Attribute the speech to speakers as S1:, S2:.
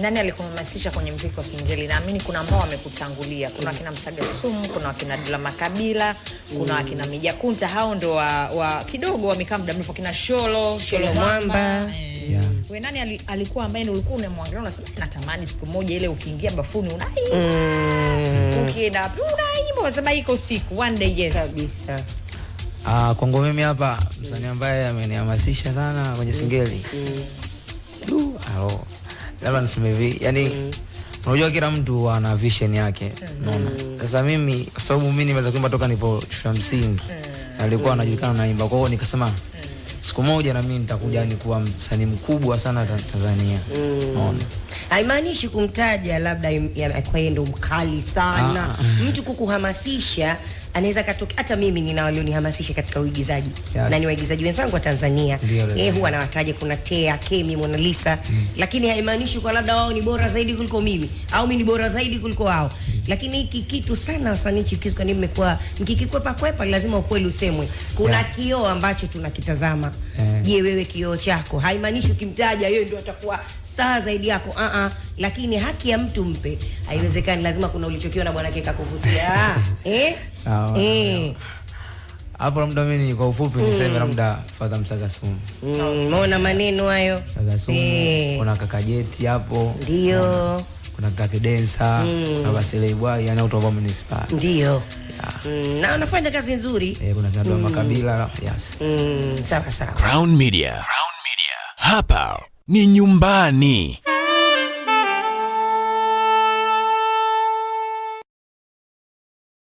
S1: Nani alikuhamasisha kwenye mziki wa Singeli? Naamini kuna ambao wamekutangulia, kuna wakina Msaga Sumu, kuna wakina Dula Makabila, kuna wakina Mijakunta. Hao ndo wa, wa kidogo wamekaa muda mrefu, wakina Sholo Sholo Mwamba yeah. Eh. We, nani alikuwa ambaye ni ulikuwa unamwangalia unasema natamani siku moja ile ukiingia bafuni unaimba mm. ukienda wapi unaimba unasema iko siku one day yes.
S2: Kabisa.
S3: Ah, kwangu mimi hapa msanii ambaye amenihamasisha sana kwenye Singeli mm labda niseme hivi yani, unajua kila mtu ana vision yake, mm. Sasa mimi kwa sababu mimi nimeweza kuimba toka nipo shule msingi, nilikuwa najulikana naimba, kwa hiyo nikasema siku moja na mimi nitakuja ni kuwa msanii mkubwa sana Tanzania.
S1: Unaona, haimaanishi kumtaja labda kwa yeye ndo mkali sana ah, ah. mtu kukuhamasisha anaweza katoka. Hata mimi nina walionihamasisha katika uigizaji yes. na ni waigizaji wenzangu wa Tanzania yeye eh, huwa anawataja, kuna Tea, Kemi, Mona Lisa mm. lakini haimaanishi kwa labda wao ni bora zaidi kuliko mimi au mimi ni bora zaidi kuliko wao mm. lakini hiki kitu sana wasanii kwa nini mmekuwa mkikikwepa kwepa, lazima ukweli usemwe. Kuna yeah. kioo ambacho tunakitazama eh. je, yeah. wewe kioo chako, haimaanishi ukimtaja yeye ndio atakuwa star zaidi yako a uh -uh. Ah. lakini haki ya mtu mpe, haiwezekani, lazima kuna ulichokiona bwana keka kuvutia eh sawa Eh.
S3: hapo labda mimi kwa ufupi mm. niseme labda Fadha Msaga Sumu.
S2: Mm, umeona maneno hayo?
S3: Msaga Sumu, eh. kuna kaka Jeti hapo. Ndio. Kuna kaka Kidensa, mm. kuna Basile Bwai, yani watu ambao municipal.
S2: Ndio. Na wanafanya kazi nzuri.
S3: Eh, kuna kaka Makabila, yes.
S2: Mm, Sawa sawa. Crown Media. Crown Media. Hapa ni nyumbani.